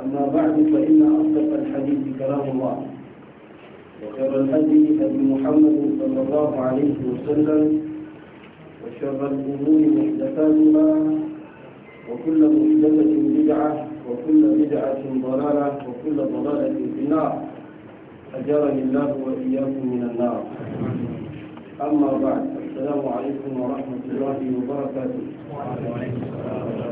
أما بعد فإن أصدق الحديث كلام الله وخير الهدي أبي محمد صلى الله عليه وسلم وشر الأمور محدثاتها وكل محدثة بدعة وكل بدعة ضلالة وكل ضلالة في النار أجرني الله وإياكم من النار أما بعد السلام عليكم ورحمة الله وبركاته وعليكم السلام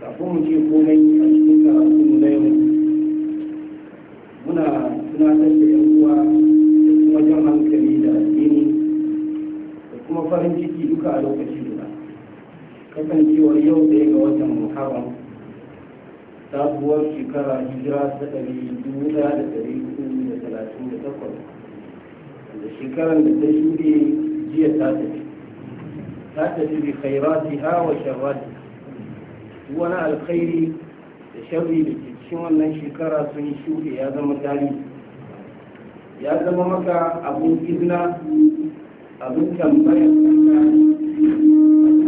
kafin mu ce komai a cikin karatu na yau muna tunatar da yan uwa da kuma jan hankali da addini da kuma farin ciki duka a lokaci guda kasancewar yau ɗaya ga watan muharram sabuwar shekara hijira ta ɗari dubu ɗaya da ɗari uku da talatin da takwas da shekarar da ta shuɗe jiya ta tafi ta tafi bi khairatiha wa sharratiha wani alkhairi da sharri da cikin wannan shekara sun yi shuɗe ya zama tarihi ya zama maka abun izina abin ya abin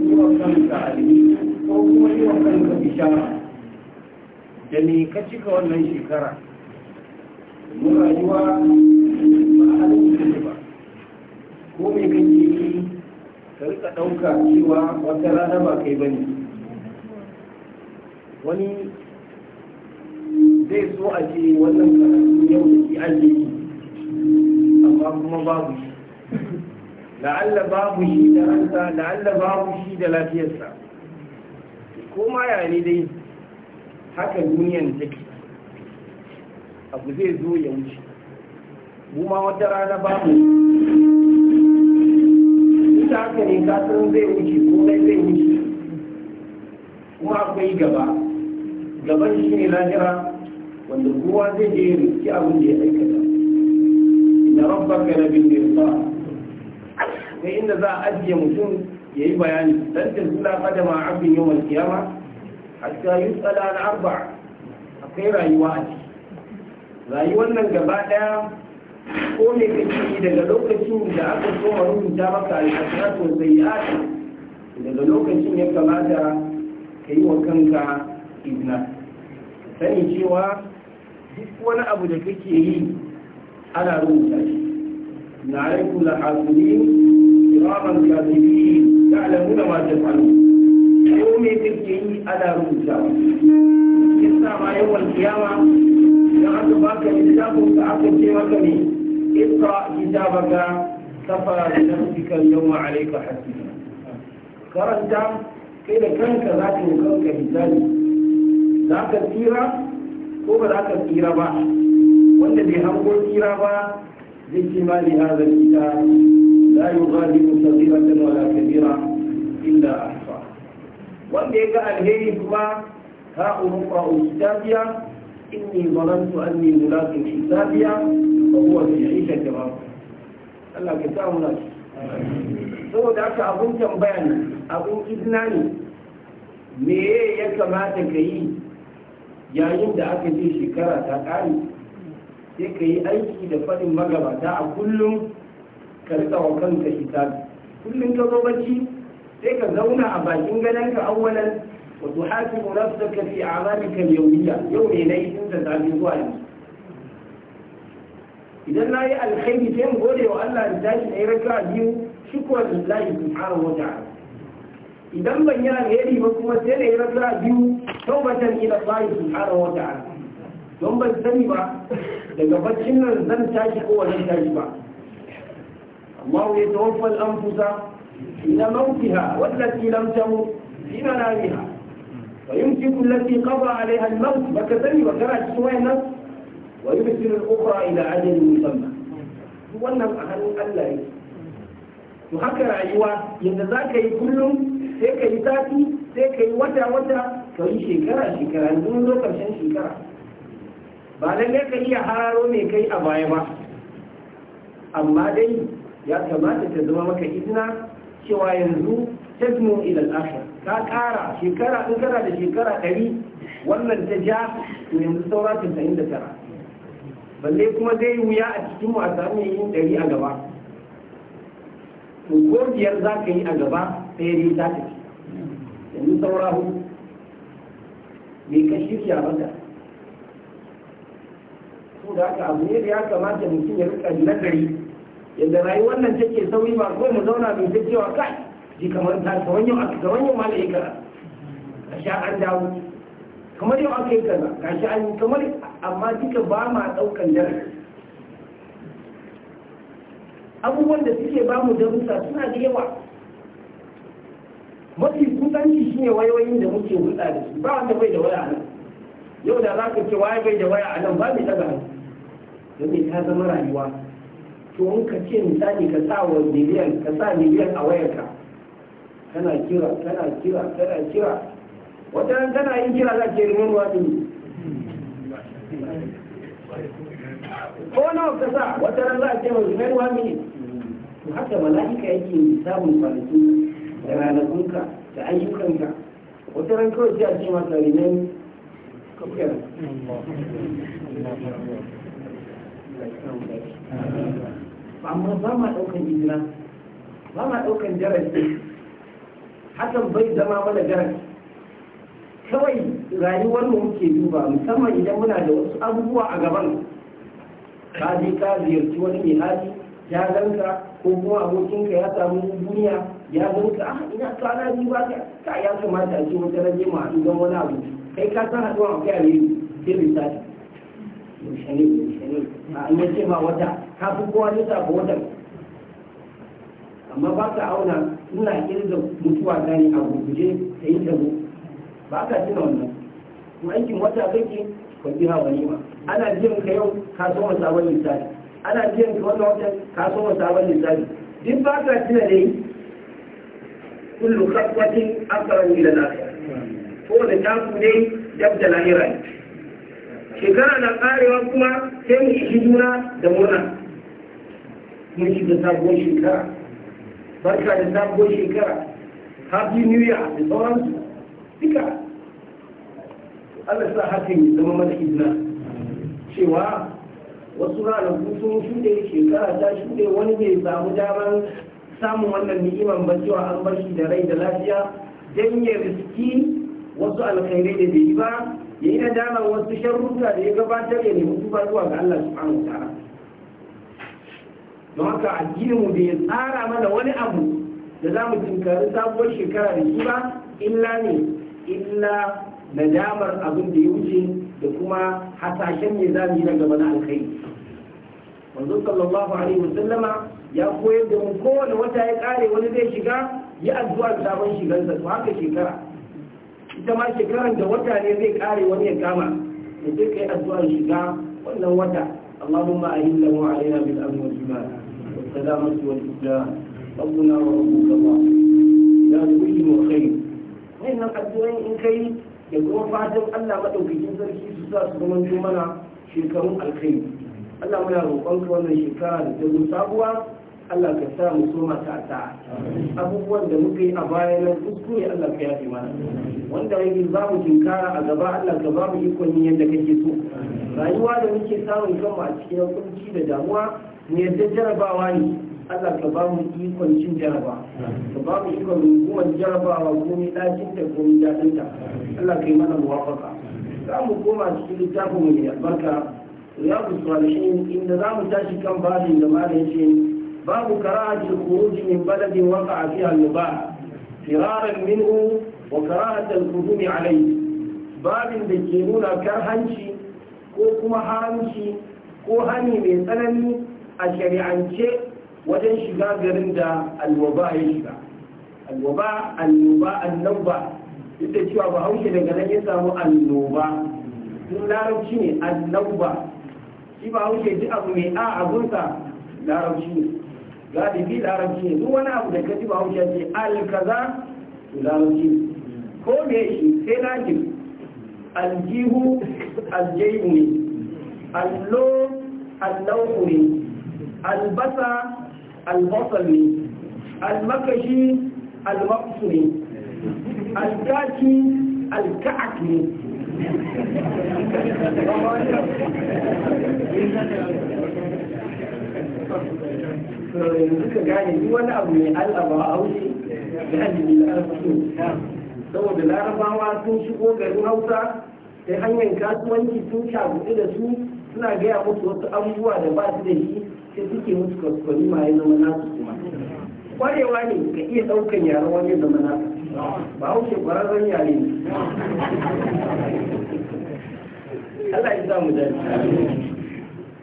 yi wa kanka alimi ko kuma yi wa kanka bishara da ne ka cika wannan shekara mu rayuwa ba halin da ba ko me kan yi ka rika ɗauka cewa wata rana ba kai ba ne? wani zai so a ce wannan karatu yau da ke an yi amma kuma babu shi la'alla babu shi da ransa la'alla babu shi da lafiyarsa ko ma ya ne dai haka duniyan take abu zai zo ya wuce mu ma wata rana babu ita haka ne kasan zai wuce ko zai wuce kuma akwai gaba gaban shi ne lahira wanda kowa zai je riski abin da ya aikata na rabbaka na bin dirsa sai inda za a ajiye mutum ya yi bayani don ta dan tilsula kadama abin yawan kiyama hatta yusala na arba akwai rayuwa a ciki rayuwar nan gaba ɗaya ko ne kake daga lokacin da aka so a rubuta maka a alhasratu sayyi'at daga lokacin ya kamata ka yi wa kanka izna sanin cewa duk wani abu da kake yi ana rubuta shi na alaikum la hasibin kiraman da alamuna masu tafalun ko me kake yi ana rubutawa yasa ma yawan kiyama dan aka baka littafin ka aka ce maka ne اقرأ كتابك كفى بنفسك اليوم عليك حسيبا karanta kai da kanka za ka yi kanka hijabi za ka tsira ko ba za ka tsira ba wanda bai hango tsira ba zai ce ma li hadha kitab la yughadiru saghiratan wala kabira illa ahsa wanda ya ga alheri kuma ka ha umqa ustadiya inni zanantu anni mulaqin hisabiya fa huwa fi 'ishatin ba Allah ka sa mu lafiya saboda haka abun tambaya ne abun izina ne me ya kamata ka yi yayin da aka ce shekara ta kare sai ka yi aiki da faɗin magabata a kullum ka rika kanka hisabi kullum ka zo bacci sai ka zauna a bakin gadonka awwalan wa tuhasibu nafsaka fi a'malika yawmiyya yau ne nayi yi da zafi zuwa yanzu idan na yi alkhairi sai mu gode wa Allah da tashi na yi raka biyu shukran lillahi subhanahu wa ta'ala idan ban yi alheri ba kuma sai na yi rasa biyu taubatan ila su subhanahu wata ala, don ban sani ba daga baccin nan zan tashi ko wannan tashi ba Allah ya tawaffa al-anfusa ila mautiha wallati lam tamut ina nariha wa yumsiku allati kafa a al-maut baka sani ba kana cikin wayannan wa yubsiru al-ukhra ila ajalin musamma wannan a hannun Allah ne to haka rayuwa yadda za ka yi kullum sai ka yi sati sai ka yi wata wata ka yi shekara shekara yanzu zo shekara ba lallai ka iya hararo mai kai a baya ba amma dai ya kamata ta zama maka izina cewa yanzu tazmu ila al ka kara shekara in kara da shekara ɗari wannan ta ja to yanzu saura tasa'in da tara balle kuma zai wuya a cikin mu a yin ɗari a gaba to za ka yi a gaba ɗaya za ta tafi yanzu saura hu mai kashi shi a mata ko da haka abu ne da ya kamata mutum ya rika nagari yadda rayu wannan take sauri ba kawai mu zauna mai ta cewa kai ji kamar ta kamar yau aka kamar yau mala yi kaza a sha an dawo kamar yau aka yi kaza ga shi an kamar amma duka ba ma ɗaukan darasi abubuwan da suke ba mu darussa suna da yawa mafi kusanci shine wayoyin da muke hulɗa da su ba wanda bai da waya nan yau da za ka ce waya bai da waya a nan ba mai hannu domin ta zama rayuwa to in ka ce misali ka sa wa miliyan ka sa miliyan a wayarka kana kira kana kira kana kira wata nan kana yin kira za ke rimin wani ko nawa ka sa wata nan za ke ce mai wani to haka mala'ika yake samun kwanaki da ranakunka da ayyukanka wata ran kawai sai a ce masa rinan kafiyar amma ba ma ɗaukan izina ba ma ɗaukan darasi hakan bai zama mana darasi kawai rayuwar mu muke duba musamman idan muna da wasu abubuwa a gaban ka je ka ziyarci wani mai haji ya ganka ko kuma abokinka ya samu duniya ya mutu ah ina kwana ba ka ya kamata a wata rage ma haɗu don wani abu kai ka san haɗuwa a kai a yi sai lissafi yaushe ya yaushe ne a in ce wata ka amma ba ka auna ina da mutuwa ta ne a gurguje ta yi ba ka wannan kuma aiki wata kake ka biya wani ma ana biyan ka yau ka so sabon lissafi ana ka wannan ka so sabon lissafi dai كل خطوة aqrabu إلى al-akhirah ko da taku ne dab da lahira shekara na دمونا kuma sai mu بركة juna da murna mun shiga sabuwar shekara barka da shekara Allah sa Hafi zama mana izina cewa wasu ranaku sun shuɗe shekara ta shuɗe wani bai samu damar samun wannan ni'imar ba an bar shi da rai da lafiya dan ya riski wasu alkhairai da bai yi ba ya yi nadama wasu sharruka da ya gabatar ya nemi tuba zuwa ga Allah subhanahu wa ta'ala don haka addinin mu ya tsara mana wani abu da za mu tunkari sabuwar shekara da shi ba illa ne illa nadamar abin da ya wuce da kuma hasashen ne za mu yi na gaba na alkhairi manzo sallallahu alaihi ya koyar da mu kowane wata ya kare wani zai shiga ya addu'a sabon shigansa to haka shekara ita ma shekaran da wata ne zai kare wani ya kama ya je kai addu'ar shiga wannan wata Allahumma ahilla wa alaina bil amn wal iman wa salamatu wal islam rabbuna wa rabbuka Allah ya kulli mu khair wannan addu'o'in in kai ya kuma fatan Allah madaukakin sarki su sa su zama mana shekarun alkhairi Allah mu muna roƙon ka wannan shekara da ta sabuwa Allah ka sa mu so ta ta abubuwan da muka yi a baya nan kuskure Allah ka yafe mana wanda yake za mu tinkara a gaba Allah ka ba mu ikon yin yadda kake so rayuwa da muke samun kanmu a cikin kunci da damuwa ne yadda jarabawa ne Allah ka ba mu ikon cin jaraba ka ba mu ikon rungumar jarabawa komai ɗakin ta komai daɗin ta Allah ka yi mana muwafaka za mu koma cikin littafin mu ne albarka ya fi inda za mu tashi kan babin da malam ce باب كراهة الخروج من بلد وقع فيها المباح فرارا منه وكراهة القدوم عليه باب بكينون كرهنشي كوكما حرمشي كوهني من سنني أشريعنشي wajen shiga garin da alwaba ya shiga alwaba annoba annoba duk da cewa bahaushe daga nan ya samu annoba duk larabci ne annoba shi bahaushe duk abu mai a abunsa larabci ne bi larabci ne duk wani abu da ka ji ba hausa ce alkaza to larabci ko da shi sai lajin aljihu aljaihu ne allo allahu ne albasa albasal ne almakashi almaksu ne alkaki alka'ak ne Thank you. to yanzu ka gane duk wani abu mai al'aba a haushi da hajji da alfasu saboda larabawa sun shigo garin hausa sai hanyar kasuwanci sun shaguɗi da su suna gaya musu wasu abubuwa da ba su da shi sai suke musu kwaskwari ma ya zama nasu kuma kwarewa ne ka iya ɗaukan yaren wani zama nasu ba hauke kwararren yare ne Allah ya samu dace.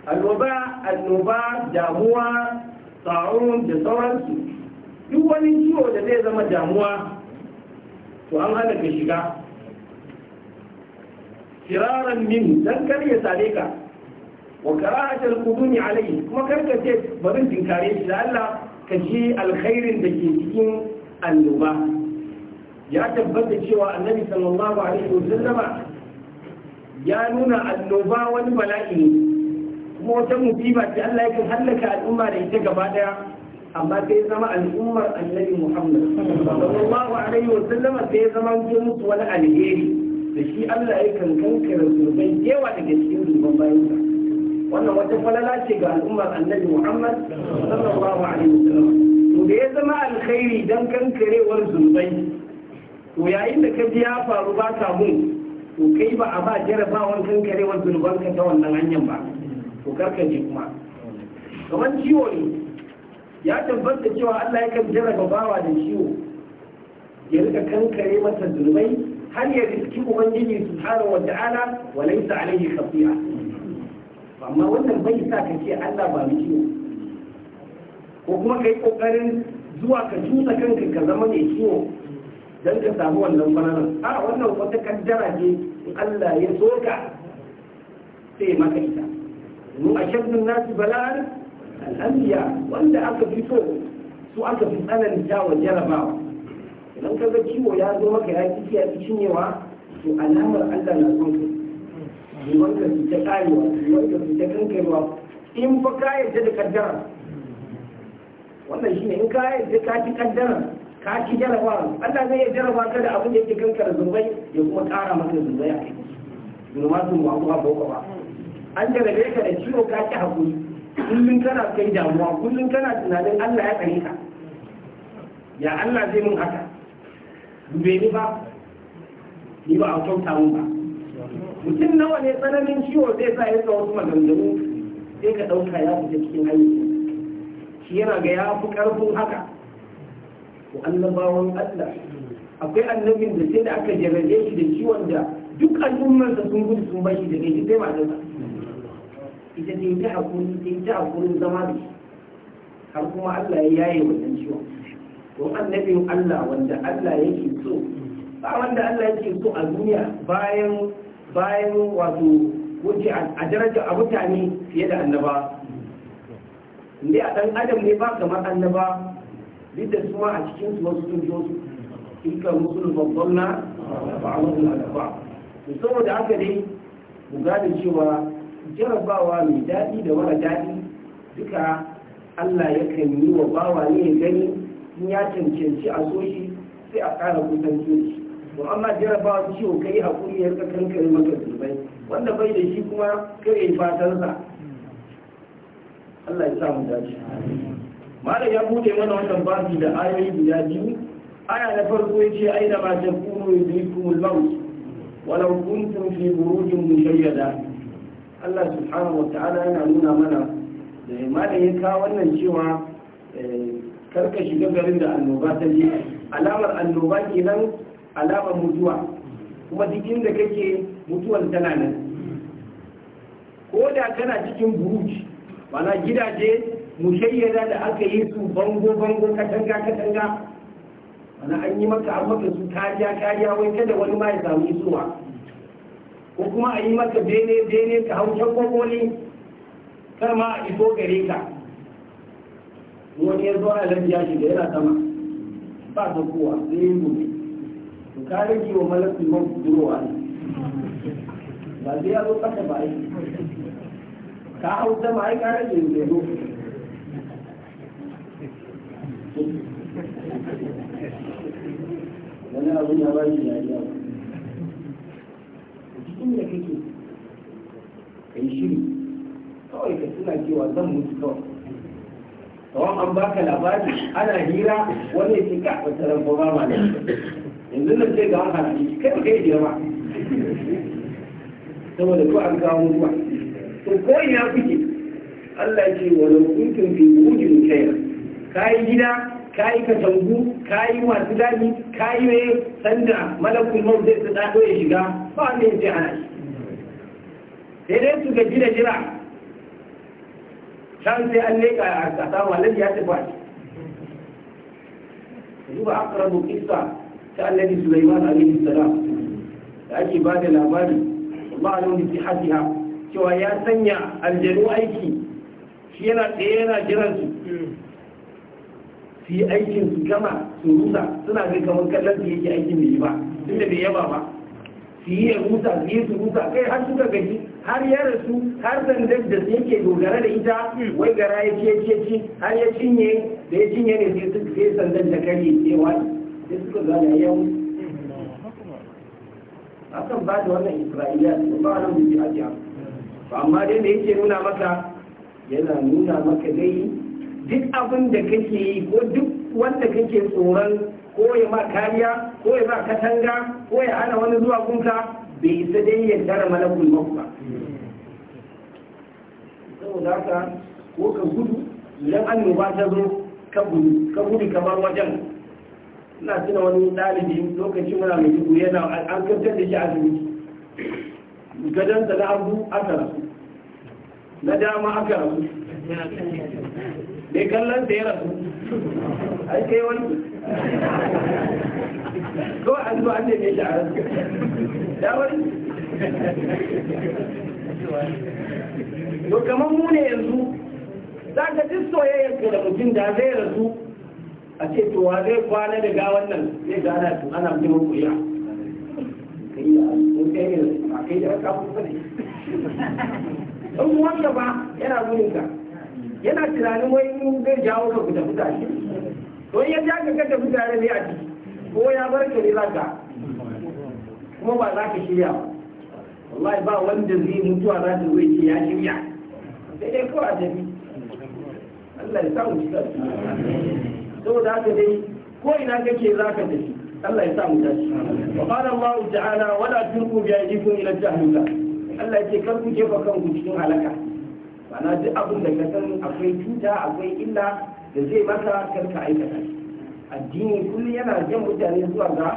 Annoba, annoba, damuwa, sa'un da sauransu duk wani ciwo da zai zama damuwa to an hana ka shiga firaran min dan kar ya sare ka wa alayhi kuma kar ka ce bari tinkare shi da Allah ka ji alkhairin da ke cikin annoba ya tabbata cewa annabi sallallahu alaihi wasallama ya nuna alloba wani bala'i ne kuma wata musiba ce Allah yake hallaka al'umma da ita gaba daya amma sai zama al'ummar annabi Muhammad sallallahu alaihi wa sallama sai ya zama ke musu wani alheri da shi Allah ya kan kankara zunubai yawa daga cikin zunuban bayansa wannan wata falala ce ga al'ummar annabi Muhammad sallallahu alaihi wa sallama to da ya zama alkhairi dan kankarewar zurbai to yayin da ka ji ya faru ba ka mun to kai ba a ba jarabawan kankarewar zunubanka ta wannan hanyar ba to karka je kuma kamar ciwo ne ya tabbata cewa Allah ya kan jarraba bawa da ciwo ya rika kankare masa zunubai har ya riski ubangiji subhanahu wa ta'ala wa laysa alayhi khafiya amma wannan bai sa ka ce Allah ba mu ciwo ko kuma kai kokarin zuwa ka tusa kanka ka zama mai ciwo dan ka samu wannan bananan a wannan wata kaddara ce Allah ya so ka sai maka ita mu ashaddun nasu bala'an al'amiya wanda aka fi so su aka fi ta wa jarabawa idan ka ga ciwo ya zo maka ya ki ya ki cinyewa to alamar Allah na son ka liman ka ta karewa su ka su ta kankarewa in fa ka yarda da kaddara wannan shi ne in ka yarda ka ci kaddara ka ci jarabawa Allah zai iya jaraba ka da abin da yake kankara zumbai ya kuma kara maka zumbai a kai zunubatun ba ba ba an jarabe ka da ciwo ka ci hakuri kullum kana kai damuwa kullum kana tunanin Allah ya tsare ka ya Allah zai mun haka dube ni ba ni ba a kyauta mun ba mutum nawa ne tsananin ciwo zai sa ya wasu maganganu sai ka ɗauka ya fita cikin hanyar. shi yana ga ya fi ƙarfin haka ko annabawan Allah akwai annabin da sai da aka jarrabe shi da ciwon da duk al'ummarsa sun gudu sun bashi da shi sai matarsa ita ta yi ta hakuri ta yi ta hakuri zama da shi har kuma Allah ya yaye wannan ciwon to annabin Allah wanda Allah yake so ba wanda Allah yake so a duniya bayan bayan wato wuce a daraja a mutane fiye da annaba inda a dan adam ne ba kamar annaba duk da su ma a cikin su wasu sun jo su tilka musul babbanna ba a wasu alaba saboda haka dai mu gane cewa jarabawa mai daɗi da wani daɗi duka Allah ya kan yi wa bawa ne ya gani in ya cancanci a so sai a ƙara kusanci shi to amma jarabawa ciwo kai hakuri ya kankare maka zubai wanda bai da shi kuma kare fatansa Allah ya sa mu dace malam ya bude mana wannan babi da ayoyi guda biyu aya na farko yace aina ma takunu yudrikumul maut walau kuntum fi burujin mushayyada Allah subhanahu ta'ala yana nuna mana da mada ya kawo wannan cewa eh, karka shiga garin da annoba ta je alamar annoba nan alamar mutuwa kuma duk inda kake mutuwar tana nan ko da kana cikin buruj mana gidaje mushayyada da aka yi su bango bango katanga katanga mana an yi maka an maka su kariya kariya wai kada wani ma ya samu isuwa ko kuma a yi maka bene bene ka hau ta kokoli kar ma a iso gare ka wani ya zo a lafiya shi da yana sama ba ta kowa sai yin gobe to ka rage wa malafi mawt durowa ne ba sai ya zo kasa ba yi ka hau sama ai ka rage ne zo wani abu ya ba shi ya yi inda kake ka yi shiri kawai ka tuna cewa zan mutu kawai kawai an baka labari ana hira wani ce ka wata ran ba ma da yanzu na ce ga wani halaye kai kai da yawa saboda ko an kawo ruwa to ko ina kuke Allah ce walau kuntum fi wujin khair kai gida kayi tambu kayi masu dani kayi sanda malakul maut zai su dado ya shiga ba wanda ya ce ana shi sai dai su gaji da jira can sai an leƙa a ƙasa wallahi ya tafi a shi ba aqrabu qissa ta annabi Sulaiman alaihi salam da ake ba da labari Allah alim bi sihatiha cewa ya sanya aljanu aiki shi yana tsaye yana jiran su su yi aikin su gama su rusa suna ga kamar kallon su yake aikin da yi ba da bai yaba ba su yi ya su yi su kai har suka gaji har ya rasu har sandar da su yake dogara da ita wai gara ya ce ce ci har ya cinye da ya cinye ne sai suka sai sandar da kare ne wani sai suka gane ya mutu akan ba da wannan isra'iliya su ba nan mutu a jiya amma dai da yake nuna maka yana nuna maka dai duk abin da kake yi ko duk wanda kake tsoron ko ya ma kariya ko ya ba katanga ko ya ana wani zuwa kunka bai isa dai ya tara malakul maut ba saboda haka ko ka gudu idan annoba ta zo ka gudu ka gudu kamar wajen ina tuna wani dalibi lokacin muna mai dubu yana an kantar da shi asibiti gadon da na abu aka rasu na dama aka rasu mai kallon da ya rasu ai kai wani ko an zo an neme shi a rasu da wani to kamar mu ne yanzu za ka ci soyayya ka da mutum da zai rasu a ce to wa zai kwana da gawan nan zai gana to ana mutum kuriya kai da mun kai ne a kai da ka kuma ne in wanda ba yana gurin ka yana tunanin wai zai jawo ka fita fita shi to ya ja ka ka tafi tare ne a ciki ko ya bar ka ne zaka kuma ba za ka shirya ba wallahi ba wanda zai mutuwa za ta zai ce ya shirya sai dai kawai a tafi Allah ya samu shi tafi saboda haka dai ko ina kake za ka tafi Allah ya samu tafi wa qala Allah ta'ala la tulqu bi aydikum ila jahannam Allah ya ce kar ku jefa kanku cikin halaka ma'ana duk abin da ka san akwai cuta akwai illa da zai maka kar ka aikata shi addini kullum yana jan mutane zuwa ga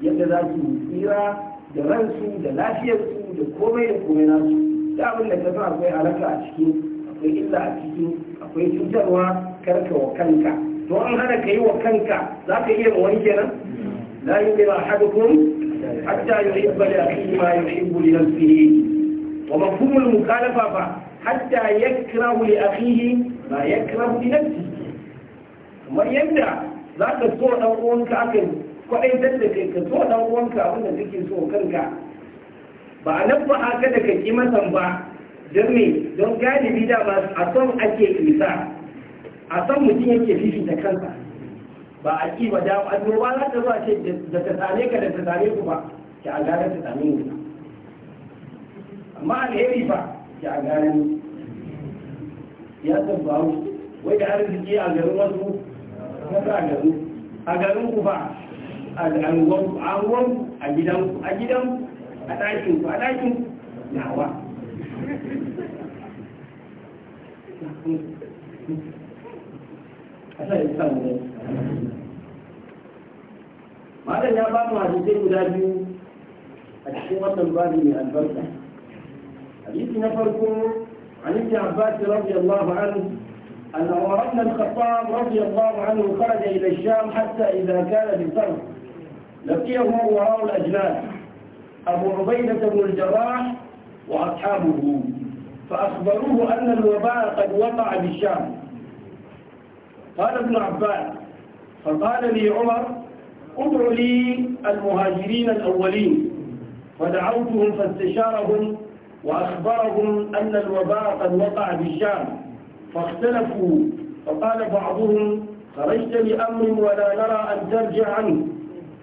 yadda za su tsira da ransu da lafiyarsu da komai da komai nasu da abin da ka san akwai alaka a ciki akwai illa a ciki akwai cutarwa karka wa kanka to an hana ka yi wa kanka za ka iya ma wani kenan la yu'minu ahadukum hatta yuhibba li akhihi ma yi yuhibbu li nafsihi wa mafhumul mukhalafa fa hatta yakrahu li akhihi ma yakrahu na ciki kamar yadda za ka so dan uwanka akan kwaɗaitar da kai ka so dan uwanka abin da kake so kanka ba a nan ba haka da ka ƙi masan ba don me don galibi dama a son ake isa a son mutum yake fifita kansa ba a ƙi ba dama annoba za ta zuwa ce da ta same ka da ta same ku ba ki a gara ta same ku amma alheri fa ki a gara ya san ba wai da arziki a garin wasu a garin ba a a gidan a a a nawa ya samu ne malam ya ba mu hadisai guda biyu a cikin watan bari mai albarka hadisi na farko an yi عباس رضي الله أن عمر بن الخطاب رضي الله عنه خرج إلى الشام حتى إذا كان بالفرد لقيه وراء الأجناد أبو عبيدة بن الجراح وأصحابه فأخبروه أن الوباء قد وقع بالشام قال ابن عباس فقال لي عمر ادع لي المهاجرين الأولين فدعوتهم فاستشارهم وأخبرهم أن الوباء قد وقع بالشام فاختلفوا فقال بعضهم خرجت لأمر ولا نرى أن ترجع عنه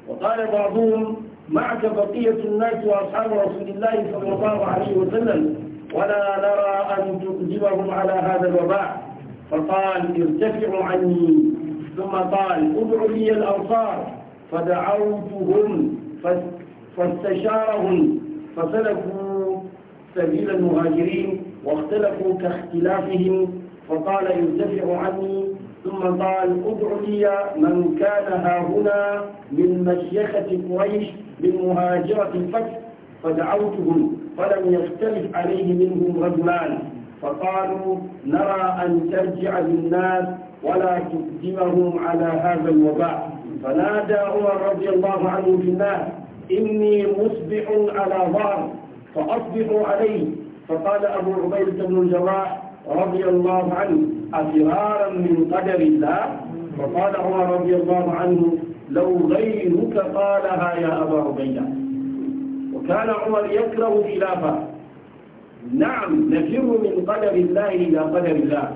وقال بعضهم معك بقية الناس وأصحاب رسول الله صلى الله عليه وسلم ولا نرى أن تقدمهم على هذا الوباء فقال ارتفعوا عني ثم قال ادعوا لي الأنصار فدعوتهم فاستشارهم فسلكوا سبيل المهاجرين واختلفوا كاختلافهم فقال ينتفع عني ثم قال ادع لي من كان هنا من مشيخة قريش من مهاجرة الفتح فدعوتهم فلم يختلف عليه منهم رجلان فقالوا نرى أن ترجع للناس ولا تقدمهم على هذا الوباء فنادى عمر رضي الله عنه في الناس إني مصبح على ظهر فأصبحوا عليه فقال أبو عبيدة بن الجراح رضي الله عنه أفرارا من قدر الله فقال عمر رضي الله عنه لو غيرك قالها يا أبا عبيدة وكان عمر يكره خلافه نعم نفر من قدر الله إلى قدر الله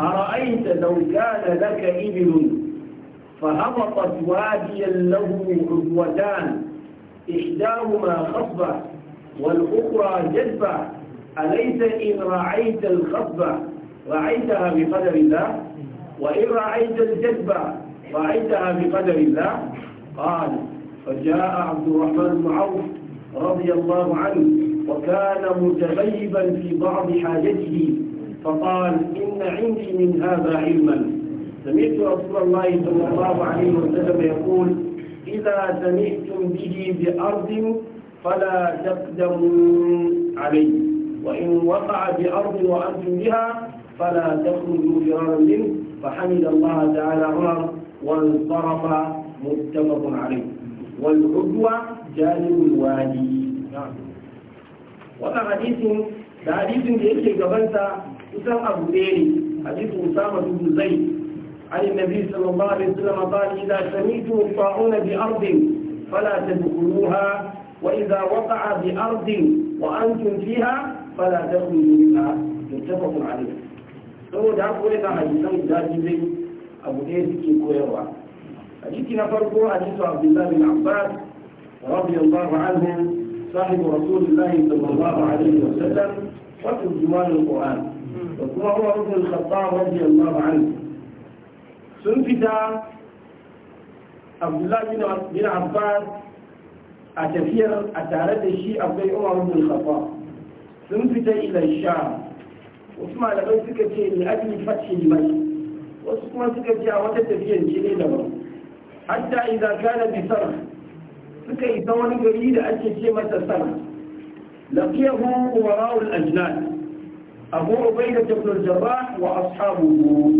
أرأيت لو كان لك إبل فهبطت واديا له عدوتان إحداهما خصبة والأخرى جذبة أليس إن رعيت الخطبة رعيتها بقدر الله وإن رعيت الجذبة رعيتها بقدر الله قال فجاء عبد الرحمن بن عوف رضي الله عنه وكان متغيبا في بعض حاجته فقال إن عندي من هذا علما سمعت رسول الله صلى الله عليه وسلم يقول إذا سمعتم به بأرض فلا تقدموا عليه وإن وقع بأرض وأنتم بها فلا تخرجوا فرارا منه فحمد الله تعالى عمر وانصرف متفق عليه والعدوى جانب الوادي wannan نعم. حديث da hadisin da أسامة gabanta kusan حديث أسامة بن زيد عن النبي صلى الله عليه وسلم قال إذا سمعتم الطاعون بأرض فلا تدخلوها وإذا وقع بأرض وأنتم فيها fala ta kuma nuna muttafaqun alayh saboda haka wannan hadisan guda biyu abu ɗaya suke koyarwa hadisi na farko hadisu abdullahi bin abbas radiyallahu anhu صاحب رسول الله صلى الله عليه وسلم وترجمان القرآن وكما هو ابن الخطاب رضي الله عنه سنفت عبد الله بن عباس أتفير أتارد الشيء أبي عمر بن الخطاب sun fita ila sha. wasu malamai suka ce ne ajin fashe mai wasu kuma suka ce a wata tafiyar ce ne daban hatta idan kana bi sama suka isa wani gari da ake ce masa sama laqiyahu rawar ajnad abu bai ibn al wa ashabuhu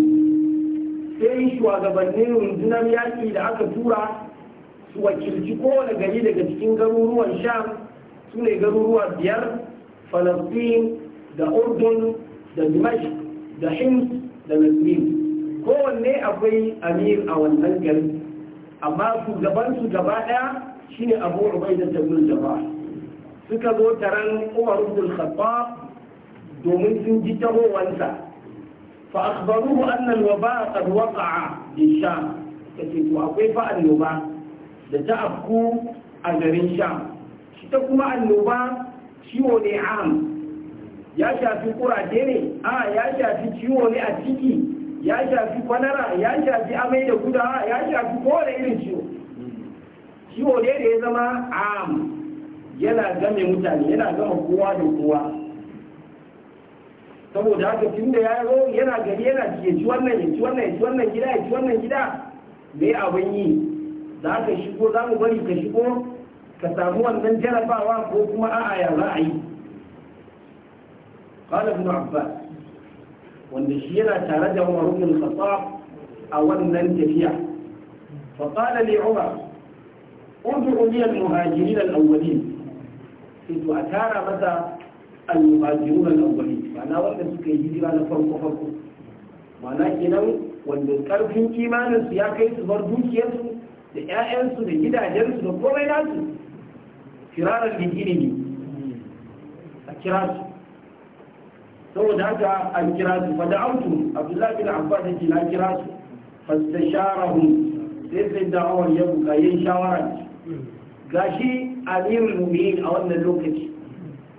sai shugabannin rundunar yaƙi da aka tura su wakilci kowane gari daga cikin garuruwan sha su ne garuruwa biyar falastin da urdun da dimash da hims da nazmin kowanne akwai amir a wannan garin amma shugabansu gaba ɗaya shine abu ubaida da bin jaba suka zo taron umar ibn khattab domin sun ji tahowansa fa akhbaruhu anna al-waba qad waqa'a bi sham kace to akwai fa annoba da ta afku a garin sham shi ta kuma annoba ciwo ne am ya shafi kuraje ne a ya shafi ciwo ne a ciki ya shafi kwanara ya shafi amai da gudawa ya shafi kowane irin ciwo ciwo ne da ya zama am yana game mutane yana gama kowa da kowa saboda haka tun da ya zo yana gari yana ciye ci wannan ya ci wannan ya ci wannan gida ya ci wannan gida mai abin yi za ka shigo za mu bari ka shigo ka samu wannan jarabawa ko kuma a'a ya za a yi qala ibn abbas wanda shi yana tare da umar ibn khattab a wannan tafiya fa qala li umar ud'u li al-muhajirin al-awwalin sai to a tara masa al-muhajirun al-awwalin ma'ana wanda suka yi hijira na farko farko ma'ana kenan wanda karfin imaninsu ya kai su bar dukiyarsu da 'ya'yansu da gidajensu da komai nasu kirarar bin ilimi a kira su saboda haka an kira su fa da'awtu abdullahi bin abbas yake na kira su sharahu sai sai da ya buka yin shawara gashi amirul mu'minin a wannan lokaci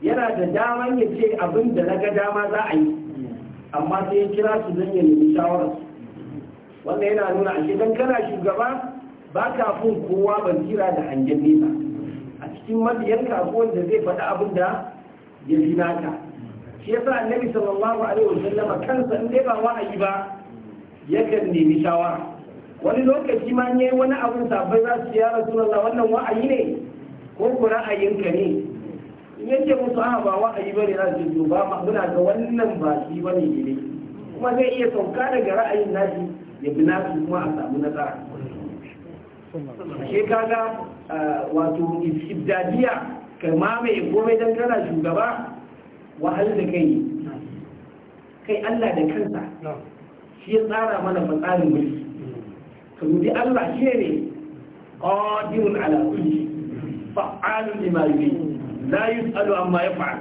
yana da daman ya ce abin da na ga dama za a yi amma sai ya kira su don ya nemi shawarar wannan yana nuna a shi don kana shugaba ba ka fun kowa ban kira da hangen nesa a cikin mabiyanka a wanda zai faɗi abin da ya fi naka shi yasa annabi sallallahu alaihi wasallama kansa in dai ba wa'ayi ba yakan nemi shawara wani lokaci ma ne wani abun sabai za su ya rasulullah wannan wa'ayi ne ko ku ra'ayinka ne in yake musu a ba wa'ayi bane za su zo ba muna ga wannan ba shi bane ne kuma zai iya sauka daga ra'ayin nashi ya bi nasu kuma a samu nasara ke kaga wato istibdadiya ka mamaye komai don kana shugaba wahal da kai kai Allah da kansa shi ya tsara mana fatsarin mulki ka dubi Allah shi ne qadirun ala kulli fa'alun lima yurid la yus'alu amma yaf'al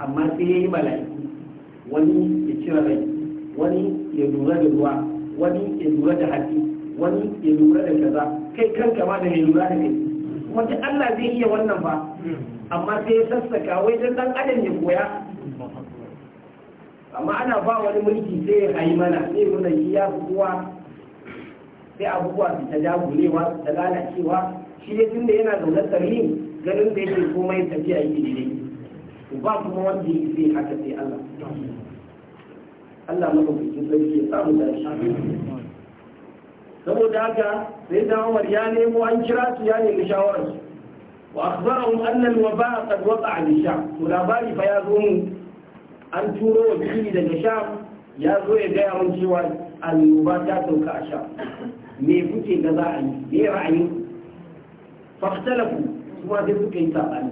amma sai yayi mala'iku wani ya cire rai wani ya lura da ruwa wani ya lura da hatsi wani ya lura da kaza kai kanka ma da mai lura da kai kuma duk Allah zai iya wannan ba amma sai ya sassaka wai dan dan adam ya koya amma ana ba wani mulki sai ya hayi mana sai mun yi ya kuwa sai abubuwa su ta jagulewa su ta lalacewa shi ne tunda yana zaune tsari ganin da yake komai tafiya yake daidai ba kuma wanda yake sai haka sai Allah Allah madaukakin sarki ya samu da shi saboda haka sai da Umar ya nemo an kira su ya nemi shawarar su wa akhbarahum anna al-waba qad waqa'a li sha to labari fa ya zo mu an turo wa wakili daga sha ya zo ya gaya mun cewa waba ta sauka a sha me kuke da za a yi me ra'ayi fa ikhtalafu kuma sai suka yi sabani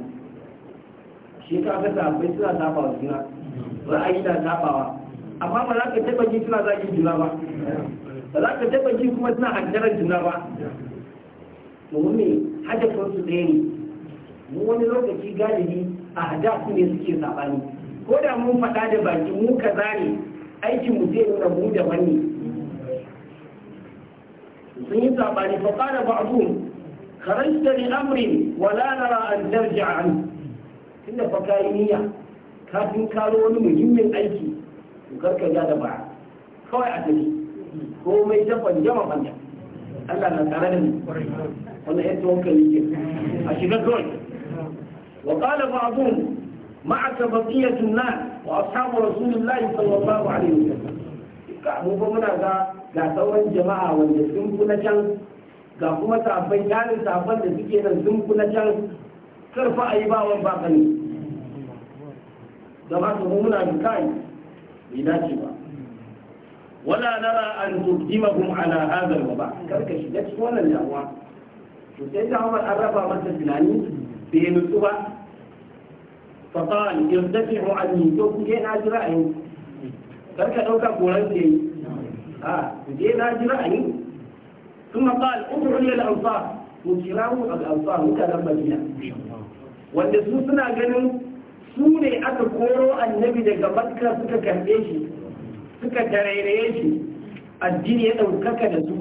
shi ka ga sabai suna tafawa suna ra'ayi na tafawa amma ba za ka taba ji suna zagin juna ba ba za ka taba ji kuma suna hankalar juna ba domin me hajjafinsu ɗaya ne mu wani lokaci galibi a su ne suke saɓani ko da mun faɗa da baki mu kaza ne aikin mu zai nuna mu da wani sun yi saɓani fa ƙara ba'dun kharajta li amrin wa la nara an tarji'a an tunda fa yi niyya kafin karo wani muhimmin aiki to karka ja da ba kawai a tafi komai ta kwanje ma kwanje Allah na tare da mu wannan ya tawakkali ke a shiga zuwa wa qala ba'dhum ma'aka baqiyatun nas wa ashabu rasulillahi sallallahu alaihi wasallam ka mu ba muna ga ga sauran jama'a wanda sun kuna can ga kuma sahabbai yanin sahabban da suke nan sun kuna can karfa ayi ba wan ba kani da ba su muna da kai bai dace ba wala nara an tuhimahum ala hadha al-waba karka shiga cikin wannan damuwa to sai da Umar an raba masa tunani bai nutsu ba fa qala yartafi'u anni to ke na ji ra'ayi karka dauka koran ke yi a je na ji ra'ayi ثم قال ادعوا لي الانصار وكلاه الانصار متى مدينه wanda su suna ganin su ne aka koro annabi daga makka suka karbe shi suka tarairaye shi addini ya ɗaukaka da su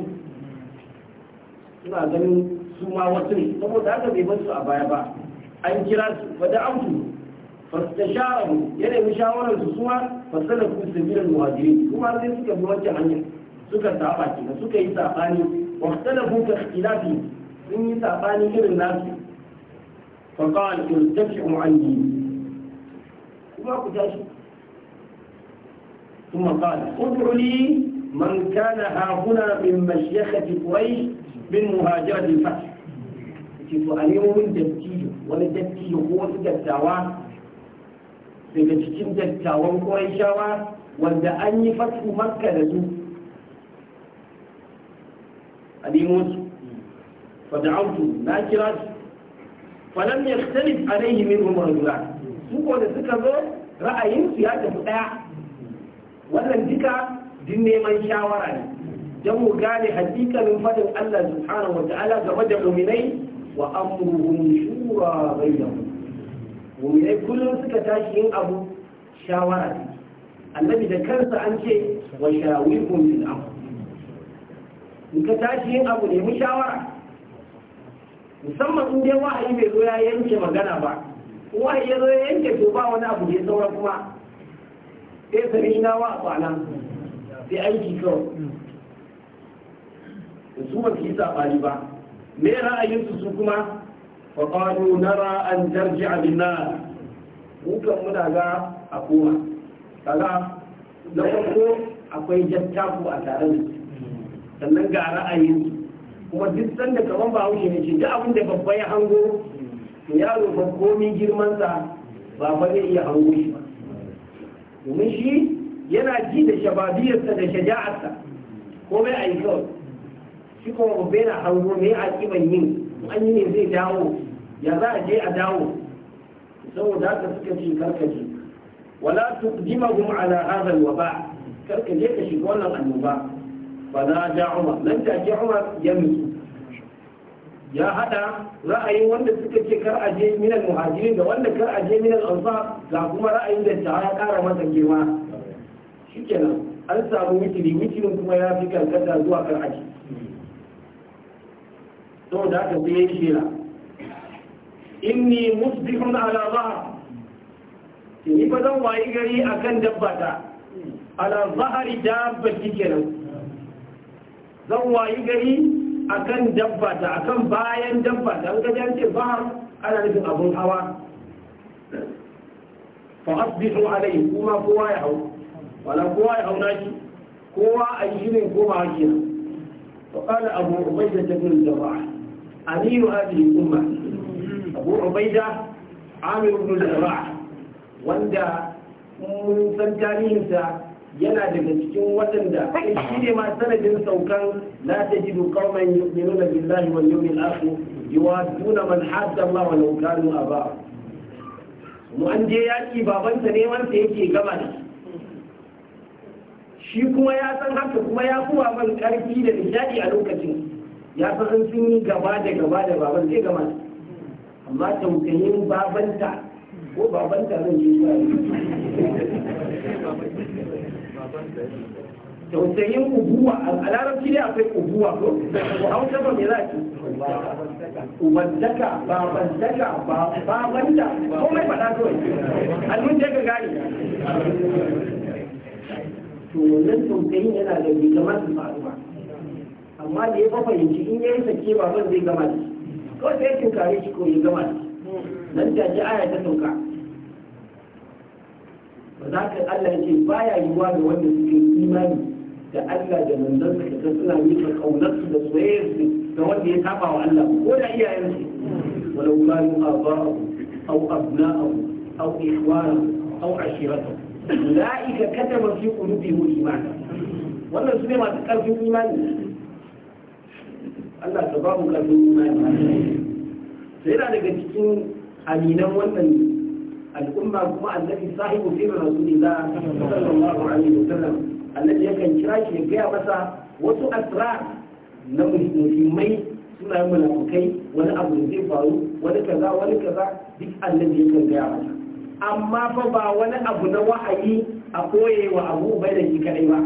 suna ganin su ma wasu ne saboda haka bai bar su a baya ba an kira su fada amsu fastasharu ya nemi shawarar su suma fasalaku sabilan muhajirin kuma sai suka bi wancan hanyar suka saba da suka yi sabani wa salafu ka ilafi sun yi sabani irin nasu fa qala irtafi'u anni kuma ku tashi ثم قال ادع لي من كان ها هنا من مشيخة قريش من مهاجرة الفتح كيف أنيو من دتيجو ولا دتيجو هو دتاوا daga cikin dattawan ƙwaishawa wanda an yi fatu makka da su a nemo su na kira su falam ya talib min umar su da suka zo ra'ayinsu ya tafi ɗaya wannan duka din neman shawara ne don mu gane hakikalin fadin Allah subhanahu wa ta'ala game da muminai wa amruhum shura bainahum muminai kullum suka tashi yin abu shawara ne annabi da kansa an ce wa shawirhum fil amr Muka tashi yin abu ne mu shawara musamman in dai wahayi bai zo ya yanke magana ba wahayi ya zo ya yanke to ba wani abu ne sauran kuma sai sami ina wa a kwana sai aiki kawai su ba su yi saɓani ba me ra'ayinsu su kuma fa qalu nara an tarji'a bin nar mu muna ga a koma kaga na farko akwai jattaku a tare da sannan ga ra'ayinsu kuma duk sanda kaman ba haushe ne ce duk abin da babba ya hango to yaro ba komi girmansa ba ba zai iya hango shi ba. domin shi yana ji da shababiyarsa da shaja'arsa komai a yi kawai shi kuma babba yana hango mai aƙiban yin an yi ne zai dawo ya za a je a dawo saboda haka suka ce karkace wala tuqdimuhum ala hadha alwaba karkace ka shiga wannan annoba fa da ja umar nan take umar ya mutu ya hada ra'ayin wanda suka ce kar aje minan minal muhajirin da wanda kar aje minan minal ansar ga kuma ra'ayin da ta ya kara masa girma shikenan an samu witiri witirin kuma ya fi karkata zuwa kar to da ka sai ya shela inni musbihun ala zahar ni fa zan wayi gari akan ta ala zahari dabba kenan zan wayi gari akan dabba ta akan bayan dabba ta an gaji ce ana nufin abun hawa fa asbihu alayhi kuma kowa ya hau wala kowa ya hau naki kowa a yi shirin koma hakiya fa qala abu ubaida ibn al-jarrah amir hadhihi al-umma abu ubaida amiru ibn al-jarrah wanda mun san tarihinsa yana daga cikin waɗanda shi ne ma sanadin saukan la tajidu qauman yu'minuna billahi wal yawmil akhir yuwadduna man hadda Allah walau kanu aba mu an je yaki babanta neman wanda yake gaba ne shi kuma ya san haka kuma ya kuwa man karfi da nishadi a lokacin ya san an sun yi gaba da gaba da baban zai gama amma tausayin babanta ko babanta zan yi tausayin ubuwa a larabci ne akwai ubuwa ko a hausa ba me za ki ubantaka babantaka babanta ko mai faɗa kawai almun da ka gari to wannan tausayin yana da bi gama su faruwa amma da ya fahimci in ya yi sake baban zai gama shi kawai sai ya tunkare shi ko ya gama shi nan ta ji aya ta sauka ba za ka Allah ya ce baya yiwa da wanda suke imani da Allah da manzon ka ta suna yi ka kaunar su da soyayyar su da wanda ya saba wa Allah ko da iyayen su walau kanu aba'u au abna'u aw ikhwanu aw ashiratu ulaika kataba fi qulubihim iman wannan su ne masu karfin imani Allah ta ba mu karfin imani sai yana daga cikin aminan wannan al'umma kuma annabi sahibu fi rasulillah sallallahu alaihi wasallam annabi yakan kira shi ya gaya masa wasu asrar na muhimmai suna yin munafukai wani abu da zai faru wani kaza wani kaza duk annabi yakan gaya masa amma fa ba wani abu na wahayi a koye wa abu bai da shi kadai ba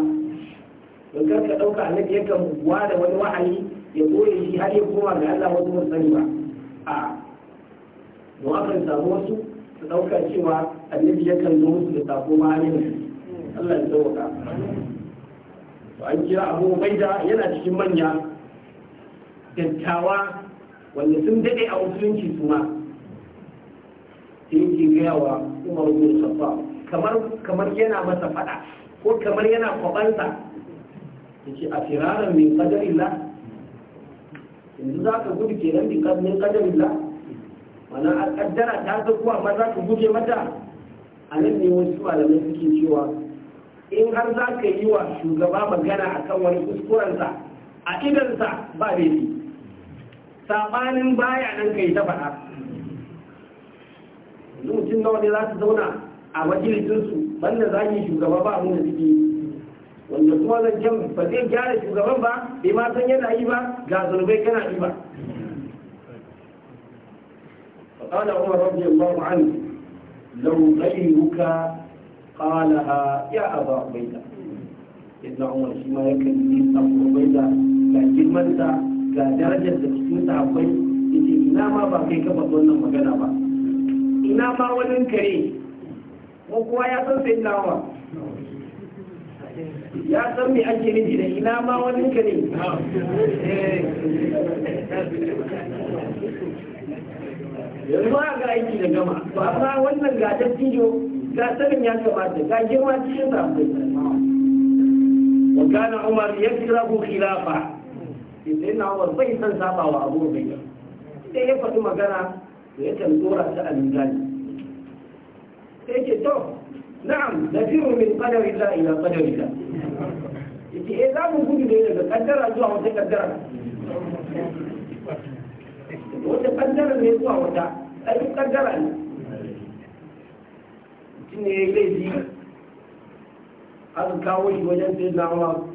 don karka ka dauka annabi yakan da wani wahayi ya koye shi har ya koma ga Allah wasu ba ba a don aka samu wasu su ɗauka cewa annabi yakan zo musu da sako ma ne Allah ya sauka to an kira Abu Ubaida yana cikin manya dattawa wanda sun dade a musulunci su ma sai yake gaya wa Umar bin Khattab kamar kamar yana masa fada ko kamar yana kwabansa yace a firaran min qadarillah yanzu zaka gudu kenan bi qadarin qadarillah wannan a kaddara ta zo kuwa ba za ka guje mata a nan ne wasu malamai suke cewa in har za ka yi wa shugaba magana a kan wani kuskurensa a idansa ba laifi saɓanin baya nan ka yi ta faɗa mutum nawa ne za su zauna a majalisinsu banda za yi shugaba ba abin da suke wanda kuma zan zancen ba zai gyara shugaban ba bai ma san yana yi ba ga zunubai kana yi ba قال عمر رضي الله عنه لو غيرك قالها يا أبا عبيدة إذن عمر شما يكن دين أبو عبيدة كان جرمانتا كان درجة تكسينتا عبي إذن إنا ما باقي كما ظلنا مغانا با إنا ما ولن كري مقوى يا سنسي إلا عمر ya san me ake nufi da ina ma yanzu a ga aiki da gama ba amma wannan ga ta tijo ga sanin ya kamata ga girma cikin sa wa kana umar yakrahu khilafa sai na umar bai san saba wa abu bai sai ya faɗi magana da ya kan dora ta a mizani sai ce to na'am nafiru min qadari la ila qadari la yace eh za mu gudu ne daga kaddara zuwa wata kaddara wata kaddara ne zuwa wata ɗari duk kaddara ne mutum ne ya yi laifi aka kawo shi wajen sai na wa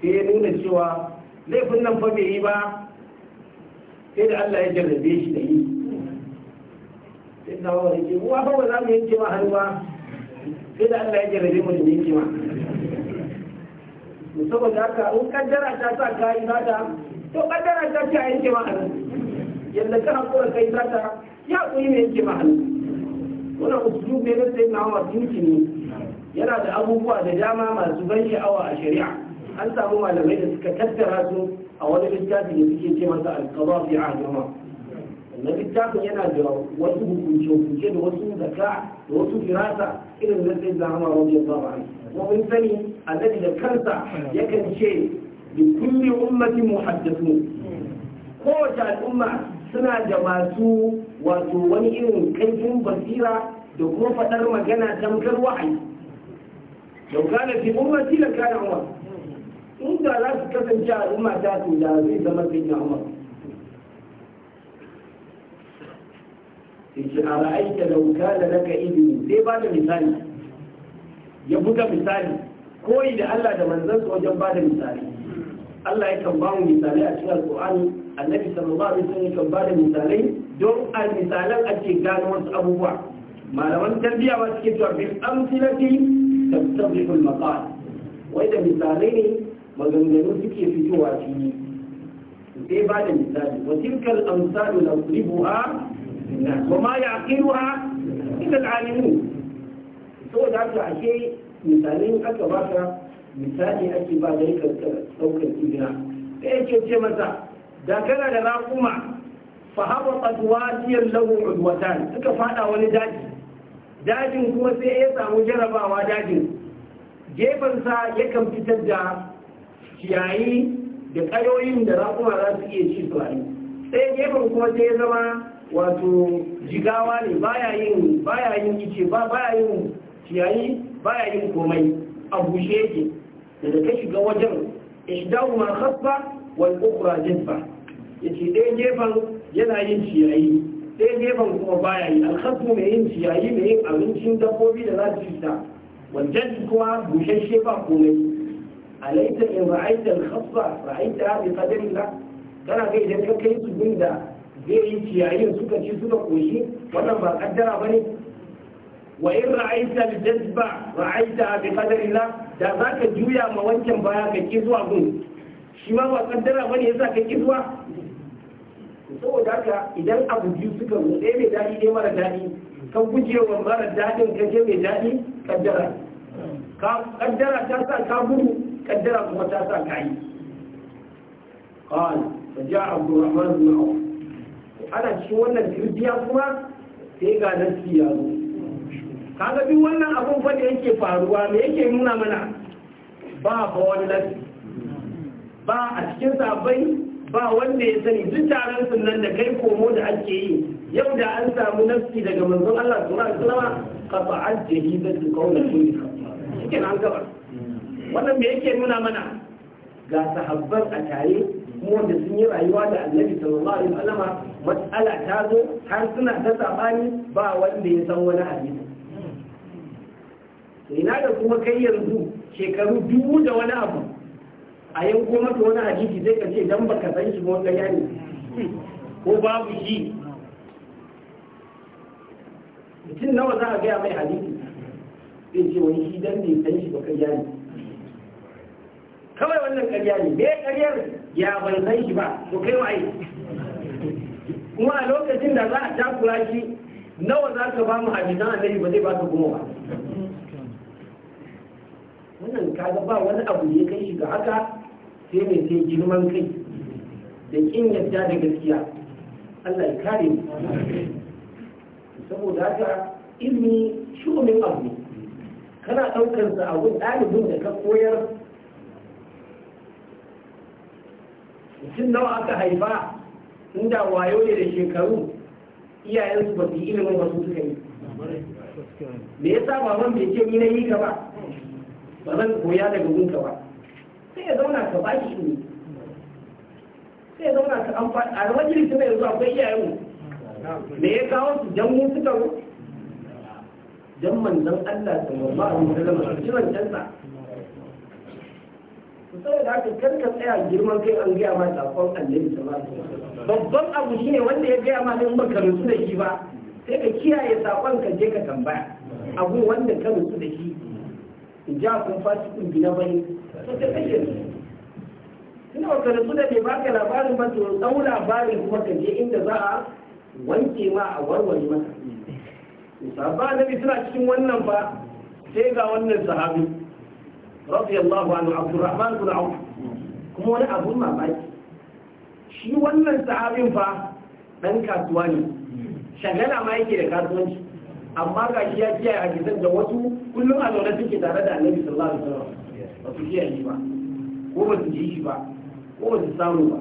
sai ya nuna cewa laifin nan fa bai yi ba sai da Allah ya jarrabe shi da yi sai na wa yake uwa ba ba za mu yanke ma hannu ba sai da Allah ya jarrabe mu da yanke ma saboda haka in kaddara ta sa ka yi ba to kaddara ta ce a yanke ma yadda ka hakura kai za ta ya kuri ne yanke ma wannan usulub ne na sayyidina Umar ne yana da abubuwa da dama masu ban sha'awa a shari'a an samu malamai da suka tattara su a wani littafi da suke ce masa al fi ahdihima na littafin yana da wasu hukunce hukunce da wasu zaka da wasu firasa irin na sayyidina Umar radiyallahu anhu kuma mun sani annabi da kansa yakan ce لكل أمة محدثون kowace al'umma suna da masu wato wani irin kaifin basira da kuma faɗar magana tamkar wa'ayi yau kana fi ummati la kana umar inda za su kasance al'umma ta to da zai zama sayyidina umar yace a ra'aita law kana laka sai ba misali ya buga misali koyi da Allah da manzon wajen ba da misali Allah ya kan bamu misalai a cikin alkur'ani annabi sallallahu alaihi wasallam kan bada misalai don a misalan ake gano wasu abubuwa malaman tarbiyya ba suke cewa bil amsilati tastabiqul maqal wai da misalai ne maganganu suke fitowa fili sai ba da misali wa tilkal amsalu nadribuha wa ma yaqiluha illa al-alimun saboda haka ashe misalai aka baka misali ake ba da yake saukar izina da yake ce masa da kana da raƙuma fahawa siyan lagun udwatan suka fada wani daji dajin kuma sai ya samu jarabawa dajin gefensa ya kan fitar da ciyayi da ƙayoyin da raƙuma za su iya ci su sai gefen kuma sai ya zama wato jigawa ne baya yin yin ice ba baya yin ciyayi baya yin komai a bushe yake da ka shiga wajen ihdahu ma khaffa wal ukhra jaffa yace ɗaya gefen yana yin ciyayi ɗaya gefen kuma baya yi alkhaffu mai yin ciyayi mai yin abincin dabbobi da za su fita wal jaffu kuma bushashe ba komai alaita in ra'aita al-khaffa ra'aita bi qadari la kana ga idan ka kai su gunda zai yi ciyayin suka ci suka koshi wannan ba kaddara bane wa in ra'aita al-jazba ra'aita bi qadari la da za ka juya ma wancan baya ka ki zuwa gun shi ma ba kaddara ba ne yasa ka ki zuwa saboda haka idan abu biyu suka zo ɗaya mai daɗi ɗaya mara daɗi ka guje wa mara daɗin ka je mai daɗi kaddara kaddara ta sa ka gudu kaddara kuma ta sa ka yi قال فجاء عبد الرحمن بن عوف ana cikin wannan kirjiya kuma sai ga nasi ya zo kaga duk wannan abun fa da yake faruwa me yake nuna mana ba ba wani lafi ba a cikin sabai ba wanda ya sani duk taron sunan da kai komo da ake yi yau da an samu nafsi daga manzon Allah sallallahu alaihi wasallam kulli yake nan gaba wannan me yake nuna mana ga sahabban a tare kuma wanda sun yi rayuwa da annabi sallallahu alaihi wasallam matsala ta zo har suna ta sabani ba wanda ya san wani hadisi ina da kuma kai yanzu shekaru dubu da wani abu a yanko mata wani hadisi zai kace dan baka san shi ba ne ko babu shi mutum nawa za a gaya mai hadisi zai ce wani shi dan ne san shi ba karya ne kawai wannan ƙarya ne me karyar ya ban san shi ba Ko kai wa kuma a lokacin da za a takura shi nawa za ka ba mu hadisan annabi ba zai ba ka kuma ba wannan ka ga ba wani abu ya kai shi ga haka sai mai sai girman kai da kin yadda da gaskiya Allah ya kare mu saboda haka ilimi shumin abu ne kana daukar sa wani ɗalibin da ka koyar mutum nawa aka haifa inda wayo ne da shekaru iyayensu ba su yi ilimin ba suka yi me yasa baban bai ce ni na yi ka ba ba zan koya daga gunka ba sai ya zauna ka ba shi ne sai ya zauna ka amfani a majalisa na yanzu akwai iyayenmu me ya kawo su jan mu suka ru dan manzon Allah sallallahu alaihi wasallam kiran kansa da haka kar ka tsaya girman kai an gaya ma sakon annabi sallallahu alaihi wasallam babban abu shine wanda ya gaya ma din baka rusu da shi ba sai ka kiyaye sakon ka je ka tambaya abu wanda ka rusu da shi in ja kun fasi kun na bane to ta kashe su ina ka rasu da bai baka labarin ba to dau labarin kuma ka je inda za a wanke ma a warware mata. maka sahaba bi suna cikin wannan ba sai ga wannan sahabi radiyallahu anhu abdurrahman bin auf kuma wani abun mamaki shi wannan sahabin fa dan kasuwa ne shagala ma yake da kasuwanci amma ga shi ya kiyaye hadisan da wasu kullum a zaune suke tare da annabi sallallahu alaihi wasallam ba su yi ba ko ba su ji ba ko ba su samu ba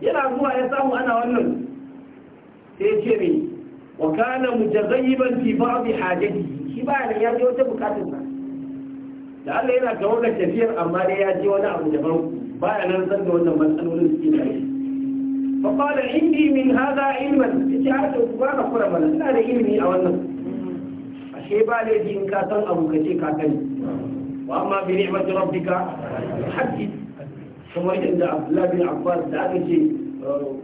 yana zuwa ya samu ana wannan sai ce mai wa kana mujazzayiban fi ba'd hajati shi ba ne ya ji wata bukatun sa da Allah yana ga wannan tafiyar amma dai ya je wani abu daban ba ya nan san da wannan matsalolin suke da shi fa qala indi min hadha ilman ce a to ba ka kula mana ina da ilimi a wannan ashe ba in ka san abu ka ce ka sani wa amma bi ni'mati rabbika hadith kamar yadda Abdullahi bin Abbas da aka ce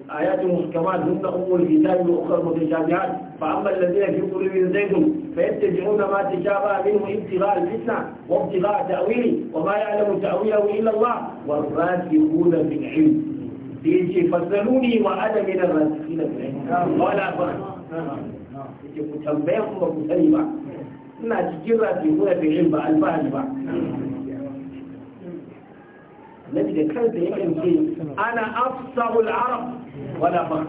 آيات محكمات هن أم الكتاب وأخرى المتشابهات فأما الذين في قلوبهم زيد فيتبعون ما تشابه منه ابتغاء الفتنة وابتغاء تأويله وما يعلم تأويله إلا الله والراسخون في العلم يجي فسلوني وأنا من الراسخين في العلم ولا فرق يجي كتنبيه وكتنبيه ina cikin rafi muna da yin ba alfahari ba nabi da kansa ya kance ana afsahul arab wala ba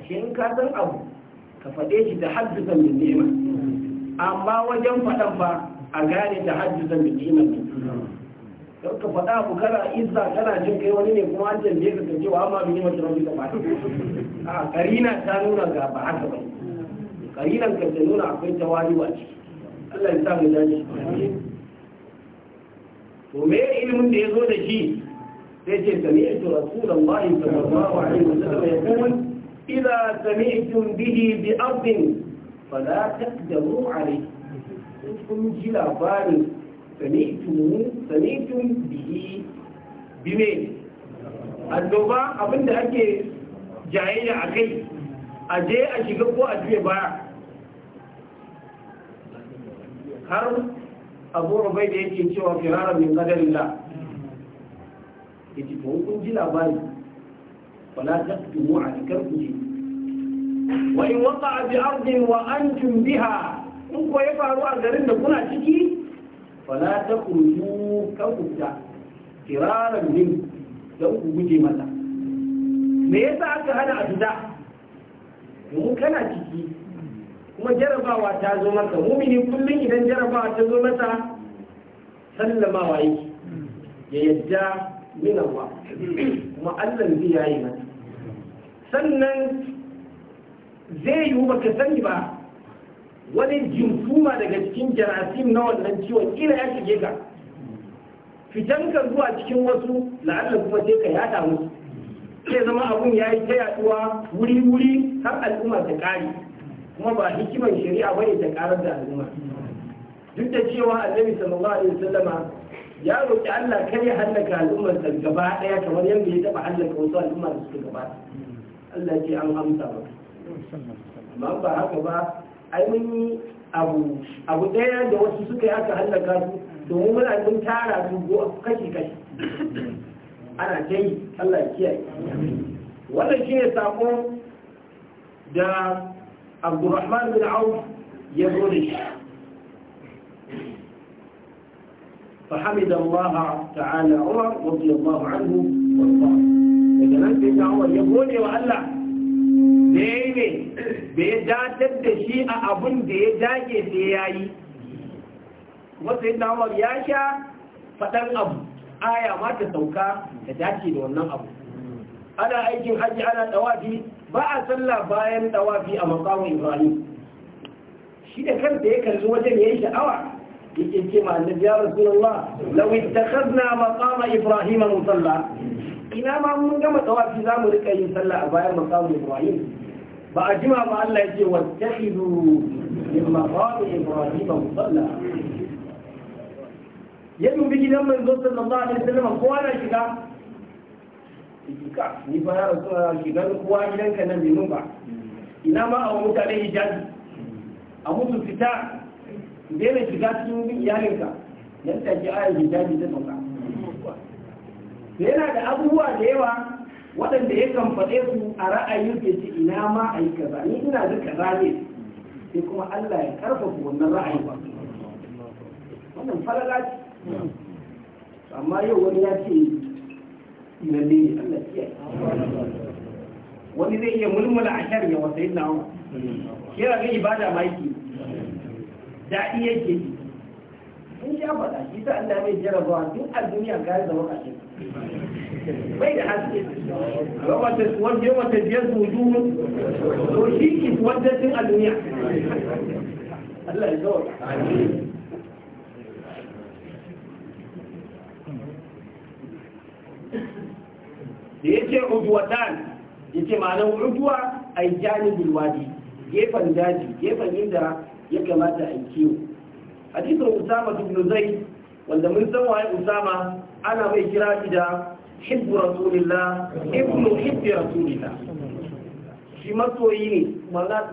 ashe in ka san abu ka faɗe shi da haddusan min ni'ima amma wajen faɗan ba a gane da haddusan min ni'ima ne don ka faɗa abu kana izza kana jin kai wani ne kuma an janje ka kace wa amma bi ni'ima ta rabbi ta ba a karina ta nuna ga ba haka ba kalilan kan ta nuna akwai tawaliwa ce Allah ya sa mu dace to me ilimin da ya zo da shi sai ce sami'tu rasulullahi sallallahu alaihi wasallam yaqul idza sami'tum bihi bi ardin fala taqdamu alayhi kun ji labarin sami'tum sami'tum bihi bi me annoba abinda ake jayayya akai a je a shiga ko a juye baya har abu rubai da yake cewa firara min qadarillah yace ko kun ji labari wala ta a an kuje. wa in waqa'a bi ardin wa antum biha in ko ya faru a garin da kuna ciki Wala fala takhruju kawta firaran min da ku guje mata me yasa aka hana a fita domin kana ciki kuma jarabawa ta zo masa mumini kullum idan jarabawa ta zo mata sallamawa yi ya yadda min kuma Allah zai yayi mata sannan zai yiwu baka sani ba wani jimfuma daga cikin jarasim na wannan ciwon ina ya shige ka fitan ka zuwa cikin wasu la'alla kuma sai ka yada musu sai zama abun ya yi ta yaduwa wuri-wuri har al'umma ta kare kuma ba hikimar shari'a bane ta karar da al'umma duk da cewa annabi sallallahu alaihi wasallam ya roki Allah kar ya halaka al'ummar sa gaba daya kamar yadda ya taba halaka wasu al'umma da suka gabata Allah ce an amsa ba amma ba haka ba ai mun yi abu abu daya da wasu suka yi aka halaka su domin muna mun tara su kashi kashi ana ta yi Allah ya kiyaye wannan shine sako da abdurrahman bin auf ya zo da shi فحمد الله تعالى عمر daga nan sai da ya gode wa Allah da ya yi ne da ya datar da shi a abun da ya dage sai ya yi kuma Umar ya sha faɗan abu aya ma ta sauka ta dace da wannan abu ana aikin haji ana ɗawafi ba a sallah bayan dawafi a makamu ibrahim shi da kanta ya kalli wajen ya yi sha'awa yake ce ma annabi ya rasulullah law ittakhadna maqama ibrahim musalla ina ma mun gama tawafi za mu rika yin sallah a bayan maqamu ibrahim ba a jima ba Allah ya ce wattakhidu min maqami ibrahim musalla ya dubi gidan mai manzo sallallahu alaihi wasallam kowa na shiga ka ni ba ya rasu a shigar kowa gidanka nan bai mun ba ina ma a mutane hijabi a mutu fita daina shiga cikin iyalinka yan take ayar hijabi ta sauka yana da abubuwa da yawa waɗanda ya kan faɗe su a ra'ayin ke ce ina ma a yi kaza ni ina da kaza ne sai kuma Allah ya karfafa wannan ra'ayi ba wannan falala ce amma yau wani ya ce lalle ne Allah kiyaye wani zai iya mulmula a shar ya wasa yin nawa yana ga ibada ma yake daɗi yake yi sun sha faɗa shi ta Allah mai jarabawa duk a duniya gari da zama ƙashin bai da haske wanda wata biyar su wujuhu to shi ki wanda tun a duniya Allah ya zo da ya ce uduwatan ya ce ma'anar ubuwa, a yi jani wadi gefen daji gefen inda ya kamata a yi kiwo hadisin usama ibn zai wanda mun san waye usama ana mai kira shi da hibbu rasulillah ibnu hibbi rasulillah shi masoyi ne wanda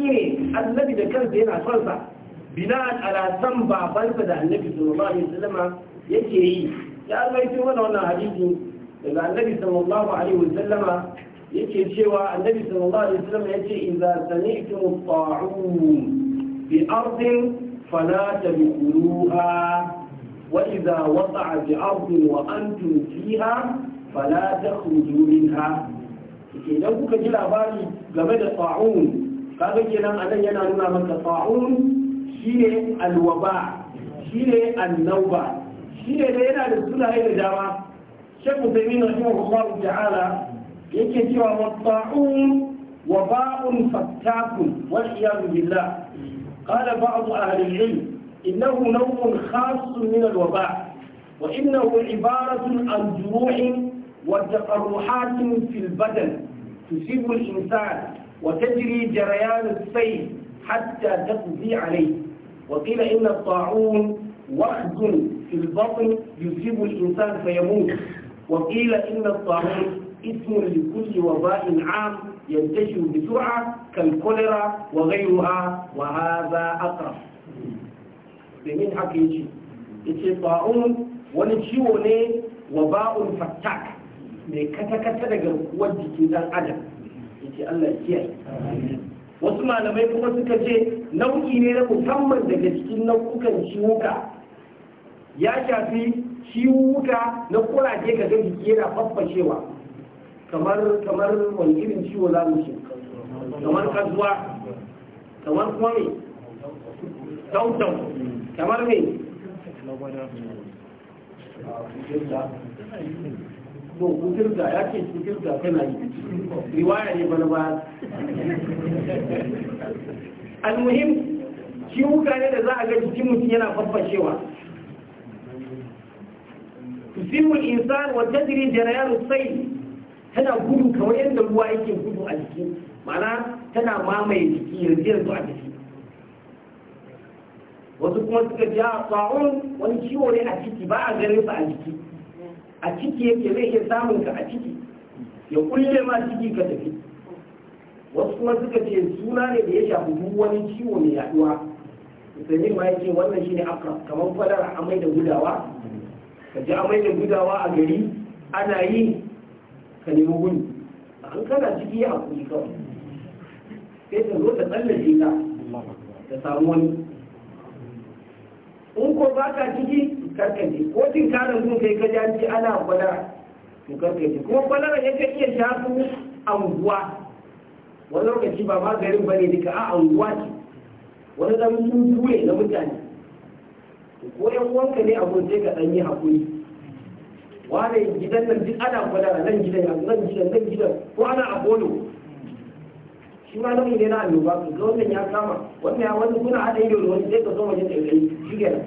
ne annabi da kansa yana son sa ala san babansa da annabi sallallahu alaihi wasallam yake yi ya mana wannan hadisin daga annabi sallallahu alaihi wasallama yake cewa annabi sallallahu alaihi wasallama yace idza sami'tum ta'un bi ardin fala tadkhuluha wa idza waqa'a bi ardin wa antum fiha fala takhruju minha idan kuka ji labari game da ta'un kaga kenan anan yana nuna maka ta'un shine alwaba shine annauba shine da yana da sunaye da dama شيخ الزمين رحمه الله تعالى يكتب والطاعون وباء فتاك والعياذ بالله قال بعض اهل العلم انه نوع خاص من الوباء وانه عباره عن جروح وتقرحات في البدن تصيب الانسان وتجري جريان السيف حتى تقضي عليه وقيل ان الطاعون وخز في البطن يصيب الانسان فيموت وقيل إن الطاعون اسم لكل وباء عام ينتشر بسرعة كالكوليرا وغيرها وهذا أقرب domin haka ya ce ya ce ba'un wani ciwo ne wa ba'un fattak mai kata-kata daga garkuwar jikin dan adam ya ce allah kiyaye wasu malamai kuma suka ce nau'i ne na musamman daga cikin nau'ukan ciwuka ya shafi ciwuka na kuraje ka ga jiki yana faffashewa kamar kamar wani irin ciwo za mu shi kamar kazuwa kamar kuma me tautau kamar me to kuturta ya ce kuturta tana yi riwaya ne bana ba almuhim ciwuka ne da za a ga jikin mutum yana faffashewa tusibu insan wa tajri jarayan sai tana gudu kamar yadda ruwa yake gudu a jiki ma'ana tana mamaye jiki yanzu yanzu a jiki wasu kuma suka ji a tsawon wani ciwo ne a ciki ba a ganin sa a jiki a ciki yake zai iya samun ka a ciki ya kulle ma ciki ka tafi wasu kuma suka ce suna ne da ya shafi duk wani ciwo mai yaduwa musulmi ma yake wannan shine akra kamar kwalara amai da gudawa ka ji amai da gudawa a gari ana yi ka nemi gudu an kana ciki a kuɗi kawai sai ta zo ta tsallake ka ta samu wani in ko ba ka ciki karkace ko cin karin sun kai ka ji ana kwada to karkace kuma kwalara ya ka iya shafi anguwa wani lokaci ba ma garin bane duka a anguwa ce wani zama sun ne na mutane ko wanka ne abun sai ka dan yi hakuri wane gidan nan duk ana gwada nan gidan nan gidan nan gidan ko ana kodo shi ma nau'i ne na annoba ka ga wannan ya kama wannan ya wani kuna haɗa ido da wani sai ka zo wajen ɗaiɗai shi kenan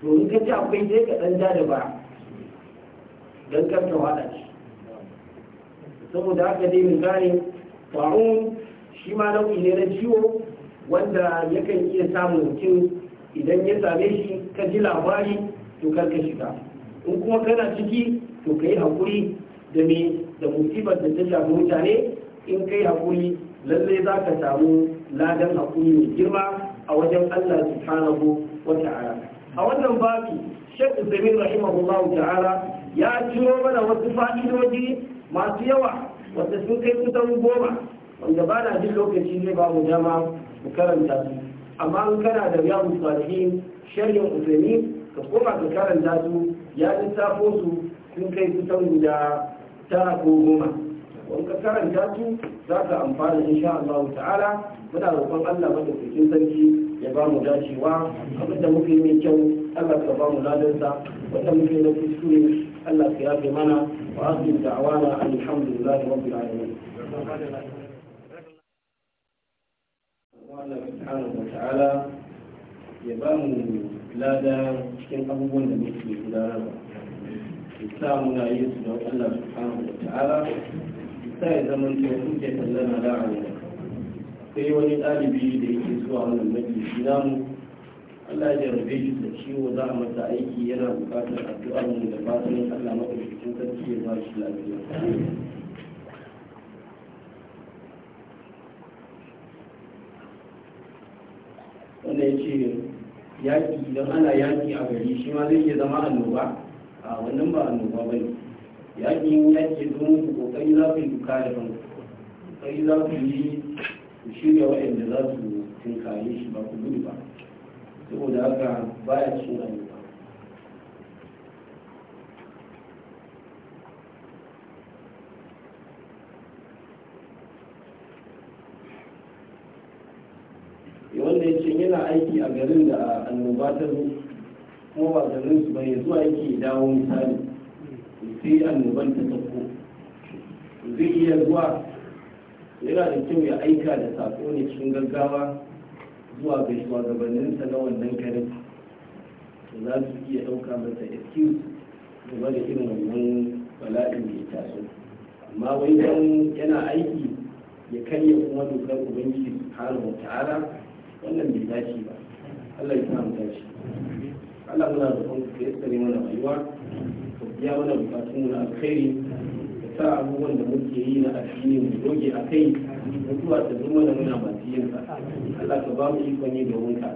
to ka ji akwai sai ka ɗan ja da ba don karta wada shi saboda haka dai mun gane ta'un shi ma nau'i ne na ciwo wanda yakan iya samun mutum idan ya same shi ka ji labari to kar ka shiga in kuma kana ciki to ka yi haƙuri da me da musibar da ta shafi mutane in ka yi haƙuri lallai za ka samu ladan hakuri mai girma a wajen allah subhanahu wa ta'ala a wannan babi shekku zamin rahimahullah ta'ala ya ciro mana wasu fa'idodi masu yawa wanda sun kai kusan goma wanda ba na jin lokaci zai ba mu dama mu karanta su amma an kana da riyadu salihin sharhin usaini ka koma ka karanta su ya lissafo su sun kai kusan guda tara ko goma wani ka karanta su za ka amfana insha Allah ta'ala muna roƙon Allah cikin sarki ya ba mu dacewa abin da muke mai kyau Allah ka ba mu ladansa wanda muke na kuskure Allah ka yafe mana wa asibi da'wana alhamdulillahi rabbil alamin Allah subhanahu wa ta'ala ya ba mu lada cikin abubuwan da muke gudanar ba. sa muna yi su da Allah subhanahu wa ta'ala ya sa ya zama cewa kuke tallana ra'ayi sai wani ɗalibi da yake zuwa wannan majalisi mu, Allah ya jarabe shi da ciwo za a masa aiki yana buƙatar addu'ar mu da fatan Allah maɗaukakin sarki ya ba shi lafiya wanda ya ce yaƙi idan ana yaƙi a gari shi ma zai iya zama annoba a wannan ba annoba ba ne yaƙi yin yaƙi don ku kokari za su yi duka da kan kokari za su yi ku shirya waɗanda za su tunkaye shi ba ku gudu ba saboda haka baya cin annoba ya ce yana aiki a garin da annoba ta zo kuma ba garin su bai zuwa yake dawo misali sai annoban ta sauko zai iya zuwa yana da kyau ya aika da sako ne cikin gaggawa zuwa ga shugabanninsa na wannan garin za su iya ɗauka masa excuse game da irin wannan bala'in da ya taso amma wai dan yana aiki ya karya kuma dokar ubangiji subhanahu wa ta'ala wannan bai dace ba Allah ya sa mu Allah muna da kuma ka yassare mana rayuwa ka biya mana bukatun mu na alkhairi ka sa abubuwan da muke yi na addini mu doge a kai mutuwa ta zama da muna masu yin sa Allah ka ba mu ikon yi domin ka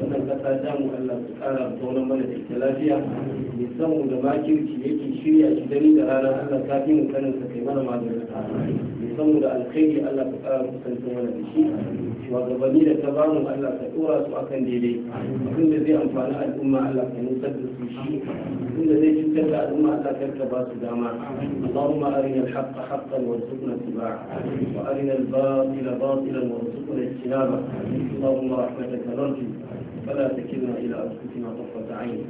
wannan kasa ta mu Allah ka kara zauna mana da ita lafiya mai san mu da makirci yake shirya shi dare da rana Allah ka fi mu kanin sa kai mana maganin mu da alkhairi Allah ka ƙara kusantar mana da shi shugabanni da ta bamu Allah ka ɗora su akan daidai abin da zai amfani al'umma Allah ka nusar da su shi abin da zai cutar da al'umma Allah kar ka ba su dama Allahumma arina al-haqqa haqqan warzuqna ittiba'a wa arina al-batila batilan warzuqna ijtinaba Allahumma rahmataka narju فلا تكلنا إلى أنفسنا طرفة عين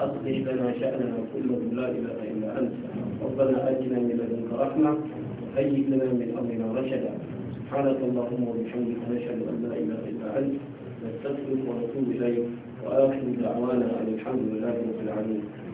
أصلح لنا شأننا كله لا إله إلا أنت ربنا آتنا من لدنك رحمة هيئ لنا من أمرنا رشدا سبحانك اللهم وبحمدك نشهد أن لا إله إلا أنت نستغفرك ونتوب إليك وآخر دعوانا أن الحمد لله رب العالمين